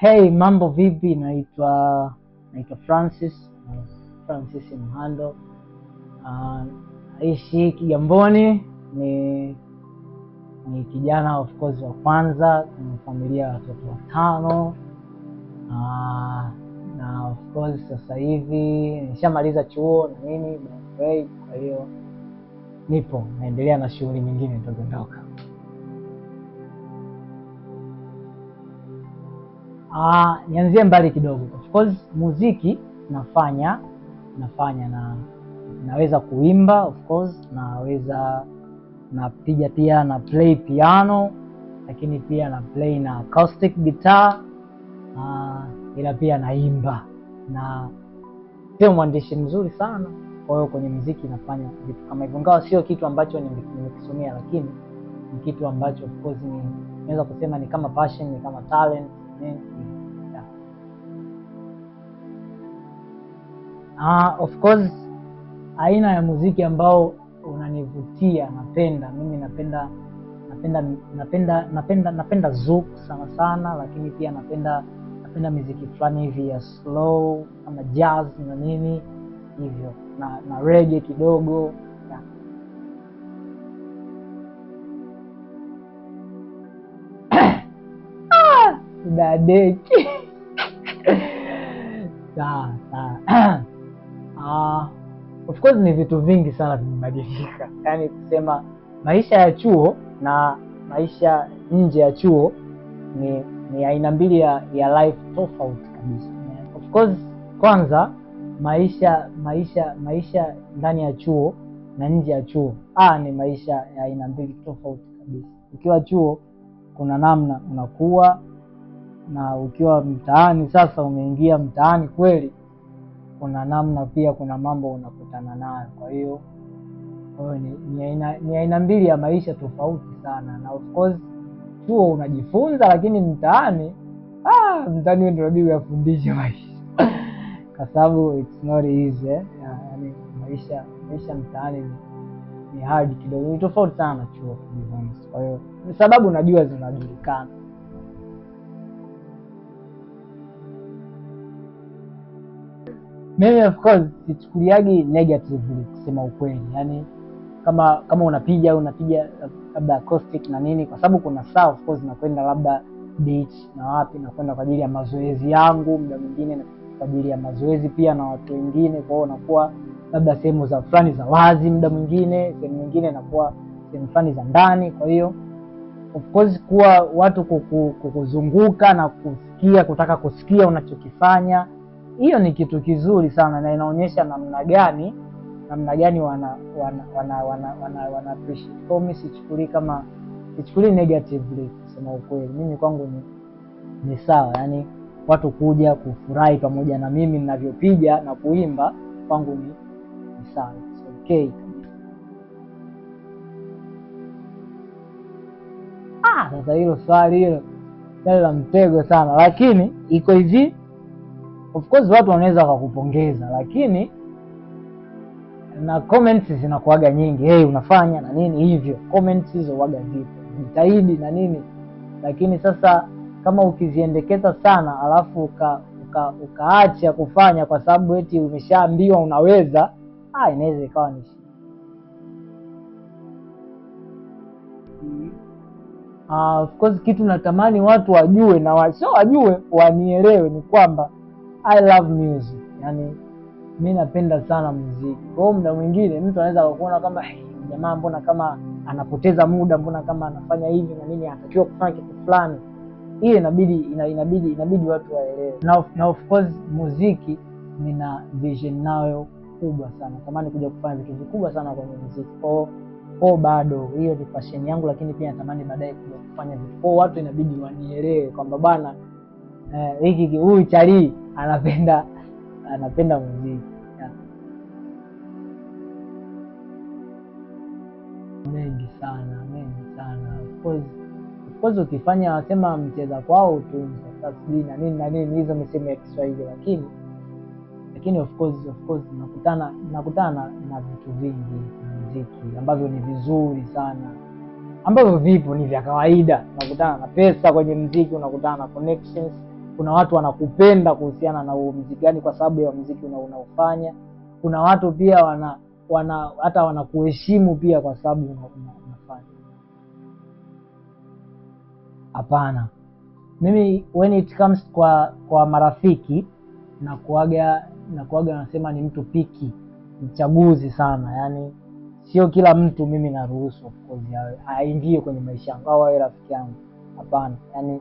Hey, mambo vipi? Naitwa naitwa Francis Francis Mhando, ah, naishi uh, Kigamboni. Ni ni kijana of course wa kwanza kwenye familia ya watoto watano, uh, na of course sasa hivi nishamaliza chuo na nini, by the way, kwa hiyo nipo naendelea na shughuli nyingine ndogo ndogo. Ah, nianzie mbali kidogo. Of course muziki nafanya nafanya na naweza kuimba of course, naweza napiga pia na play piano, lakini pia na play na acoustic guitar ah, ila pia naimba na sio mwandishi mzuri sana. Kwa hiyo kwenye muziki nafanya vitu kama hivyo, ingawa sio kitu ambacho nimekisomea, lakini ni kitu ambacho of course ni naweza kusema ni kama passion, ni kama talent ni, eh. Uh, of course aina ya muziki ambao unanivutia napenda mimi napenda napenda napenda napenda napenda zouk sana sana, lakini pia napenda napenda muziki fulani hivi ya slow kama jazz na nini hivyo na, na reggae kidogo yeah. Ah, Ah, of course ni vitu vingi sana vimebadilika, yaani kusema maisha ya chuo na maisha nje ya chuo ni, ni aina mbili ya, ya life tofauti kabisa. Of course kwanza maisha maisha maisha ndani ya chuo na nje ya chuo ah, ni maisha ya aina mbili tofauti kabisa. Ukiwa chuo kuna namna unakuwa na ukiwa mtaani sasa, umeingia mtaani kweli kuna namna pia, kuna mambo unakutana nayo. Kwa hiyo ni aina mbili ya maisha tofauti sana, na of course chuo unajifunza, lakini mtaani, ah, mtaani ndio inabidi uyafundishe maisha kwa sababu it's not easy eh? Yani maisha maisha mtaani ni hard kidogo, ni tofauti sana chuo. Kwa hiyo sababu najua zinajulikana mimi of course sichukuliagi negatively kusema ukweli, yani kama kama unapiga au unapiga labda acoustic na nini, kwa sababu kuna saa of course nakwenda labda beach na wapi, nakwenda kwa ajili ya mazoezi yangu, muda mwingine kwa ajili ya mazoezi pia na watu wengine. Kwa hiyo nakuwa labda sehemu za fulani za wazi, muda mwingine sehemu nyingine nakuwa sehemu fulani za ndani. Kwa hiyo of course kuwa watu kukuzunguka na kusikia, kutaka kusikia unachokifanya hiyo ni kitu kizuri sana na inaonyesha namna gani namna gani wana wana wana wana wana, wana appreciate. Kwa mimi sichukulii kama sichukulii negatively, kusema ukweli, mimi kwangu ni, ni sawa, yani watu kuja kufurahi pamoja na mimi ninavyopiga na kuimba kwangu ni, ni sawa, it's okay. Ah, sasa hilo swali hilo swali la mtego sana, lakini iko hivi Of course watu wanaweza wakakupongeza, lakini na comments zinakuaga nyingi, hey, unafanya na nini hivyo. Comments hizo waga zipo, jitahidi na nini, lakini sasa kama ukiziendekeza sana alafu uka, uka, ukaacha kufanya kwa sababu eti umeshaambiwa unaweza, ah, inaweza ikawa ni Uh, of course kitu natamani watu wajue na sio wajue wanielewe ni kwamba I love music, yani mi napenda sana muziki. Kwa hiyo muda mwingine mtu anaweza kuona kama jamaa mbona kama anapoteza muda, mbona kama anafanya hivi na nini, anatakiwa kufanya kitu fulani. Hiyo inabidi inabidi inabidi watu waelewe, na, na of course muziki nina vision nayo kubwa sana, tamani kuja kufanya vitu vikubwa sana kwenye muziki. Kwa hiyo bado hiyo ni passion yangu, lakini pia natamani baadaye kuja kufanya vitu. Kwa watu inabidi wanielewe kwamba bana Eh, hiki eh, huyu chali anapenda anapenda muziki mengi sana mengi sana of course, ukifanya wasema mcheza kwao utunze sijui na nini na nini hizo misemo ya Kiswahili, lakini lakini of course of course nakutana nakutana na vitu vingi muziki ambavyo ni vizuri sana ambavyo vipo ni vya kawaida. Unakutana na pesa kwenye mziki, unakutana na connections kuna watu wanakupenda kuhusiana na huo mziki gani, kwa sababu ya mziki unaofanya. Kuna watu pia wana, wana hata wanakuheshimu pia kwa sababu unafanya. Hapana, mimi when it comes kwa kwa marafiki na nakuaga nasema ni mtu piki mchaguzi sana, yani sio kila mtu mimi naruhusu of course aingie kwenye maisha yangu au awe rafiki yangu. Hapana, yani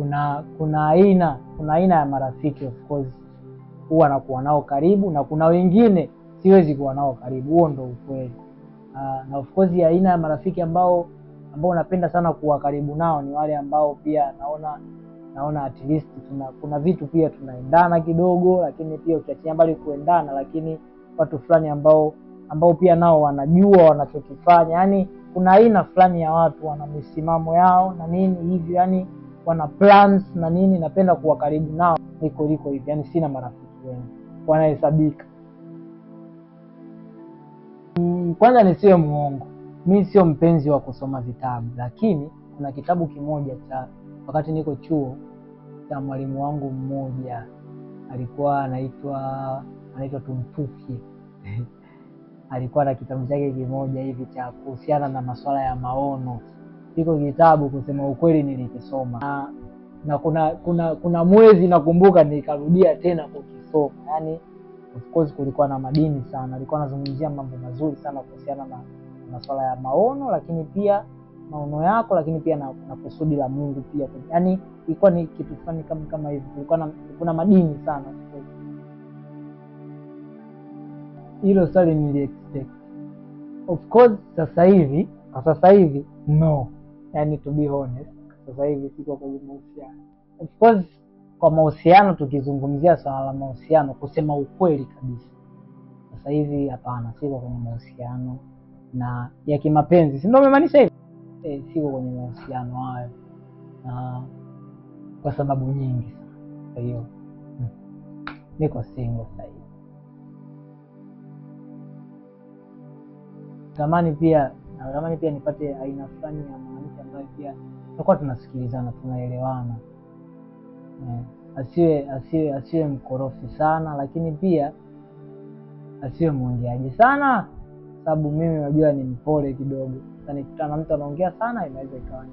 kuna kuna aina kuna aina ya marafiki of course huwa nakuwa nao karibu na kuna wengine siwezi kuwa nao karibu, huo ndo ukweli. Uh, na of course aina ya marafiki ambao ambao napenda sana kuwa karibu nao ni wale ambao pia naona naona at least tuna kuna vitu pia tunaendana kidogo, lakini pia ukiachia mbali kuendana, lakini watu fulani ambao ambao pia nao wanajua wanachokifanya, yani kuna aina fulani ya watu wana misimamo yao na nini hivyo yani wana plans na nini, napenda kuwa karibu nao niko liko hivi, yani sina marafiki wengi wanahesabika. Kwanza nisiwe muongo, mi sio mpenzi wa kusoma vitabu, lakini kuna kitabu kimoja cha wakati niko chuo cha mwalimu wangu mmoja alikuwa anaitwa anaitwa Tumfuki alikuwa na kitabu chake kimoja hivi cha kuhusiana na masuala ya maono hiko kitabu kusema ukweli nilikisoma na, na kuna kuna kuna mwezi nakumbuka nikarudia tena kukisoma yani of course kulikuwa na madini sana alikuwa anazungumzia mambo mazuri sana kuhusiana na masuala ya maono lakini pia maono yako lakini pia na, na kusudi la mungu pia yani ilikuwa ni kitu fulani kama kama hivi kulikuwa na kuna madini sana hilo swali nili expect of course sasa hivi kwa sasa hivi no yani to be honest, sasa hivi siko kwenye mahusiano. Of course kwa mahusiano, tukizungumzia swala la mahusiano, kusema ukweli kabisa, sasa hivi hapana, siko kwenye mahusiano na ya kimapenzi, si ndio umemaanisha hivi? Eh, siko kwenye mahusiano hayo na kwa sababu nyingi sana. Kwa hiyo hmm, niko single sasa hivi. Tamani pia natamani pia nipate aina fulani ya pia tutakuwa tunasikilizana, tunaelewana. Eh, asiwe asiwe asiwe mkorofi sana, lakini pia asiwe mwongeaji sana, sababu mimi najua ni mpole kidogo. Nikutana mtu anaongea sana, inaweza ikawa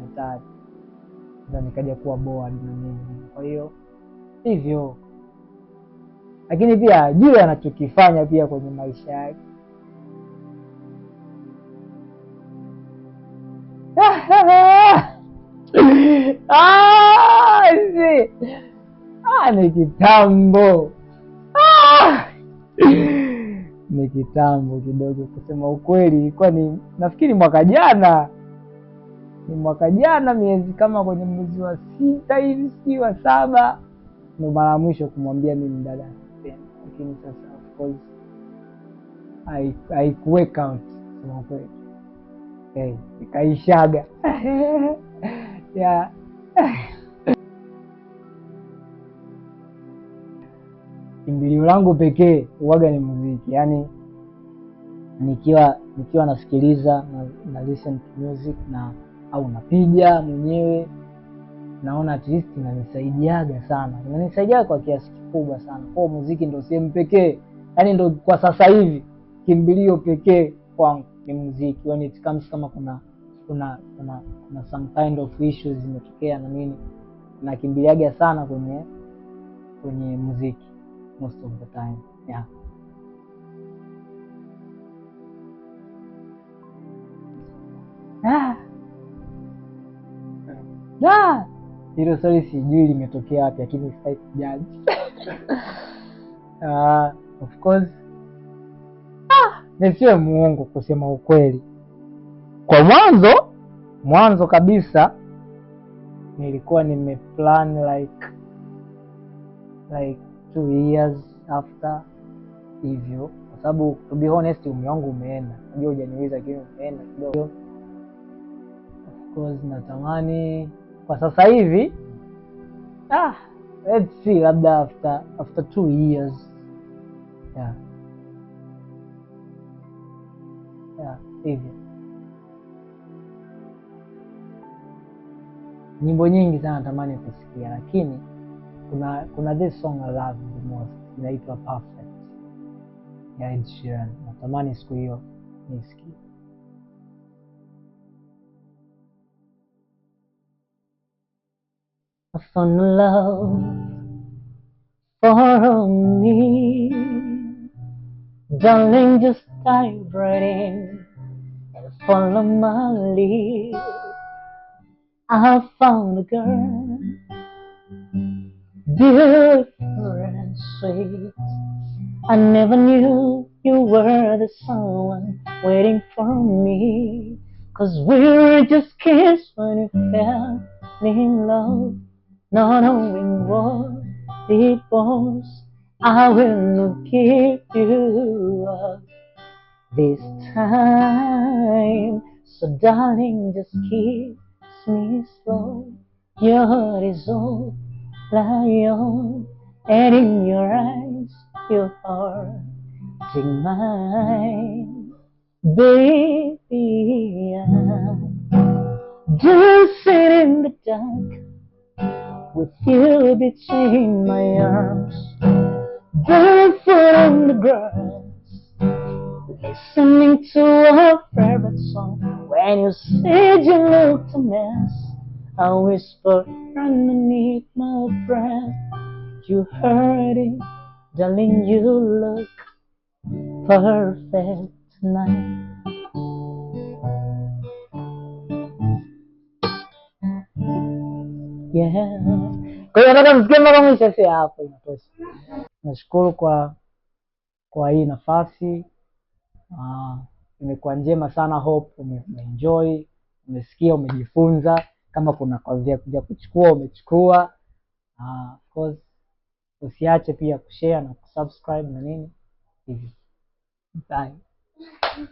hatari, nikaja kuwa bored na nini. Kwa hiyo hivyo, lakini pia ajue anachokifanya pia kwenye maisha yake. Ah, Ah, ni kitambo ah. Ni kitambo kidogo kusema ukweli, ilikuwa ni nafikiri mwaka jana, ni mwaka jana, miezi kama kwenye mwezi wa sita hivi, si wa saba, ndo mara ya mwisho kumwambia mimi dada Lakini sasa of course haikuweka kusema ukweli, hey, eh, ikaishaga Yeah. Kimbilio langu pekee uwaga ni muziki, yaani nikiwa nikiwa nasikiliza na, na listen to music na au napiga mwenyewe naona at least inanisaidiaga sana, inanisaidiaga kwa kiasi kikubwa sana. Kwa muziki ndo sehemu pekee, yaani ndo kwa sasa hivi kimbilio pekee kwangu ni muziki, when yaani it comes kama kuna kuna kuna kuna some kind of issues zimetokea na nini, nakimbiliaga sana kwenye kwenye muziki most of the time yeah. Ah. Ah. Hilo swali sijui limetokea wapi, lakini sitaki kujaji. Ah, of course Ah, nisiwe muongo kusema ukweli kwa mwanzo mwanzo kabisa nilikuwa nimeplan like like two years after hivyo, kwa sababu to be honest, umri wangu umeenda, najua hujaniuliza, lakini umeenda kidogo. Of course natamani kwa sasa hivi ah, let's see, labda after after two years yeah, yeah hivyo nyimbo nyingi sana natamani kusikia, lakini kuna kuna this song I love the most inaitwa Perfect ya Ed Sheeran. Natamani siku hiyo nisikie. I found love for me darling, just dive right in and follow my lead. I found a girl beautiful and sweet. I never knew you were the someone waiting for me. Cause we were just kids when you fell in love, not knowing what it was. I will not give you up this time. So darling, just keep me slow. Your heart is old, lion, and in your eyes, you are in mine. Baby, I'm dancing in the dark with you between my arms, barefoot on the grass, listening to a favorite song. And you said you looked a mess, I whispered underneath my breath, You heard it, darling, you look perfect tonight. Yeah. Kwa hiyo nataka msikie mpaka mwisho, si hapo inatosha. Nashukuru kwa kwa hii nafasi. Ah. imekuwa njema sana. Hope umeenjoy, umesikia, umejifunza. Kama kuna vya kuchukua umechukua. Uh, of course usiache pia kushare na kusubscribe na nini hivi. Bye.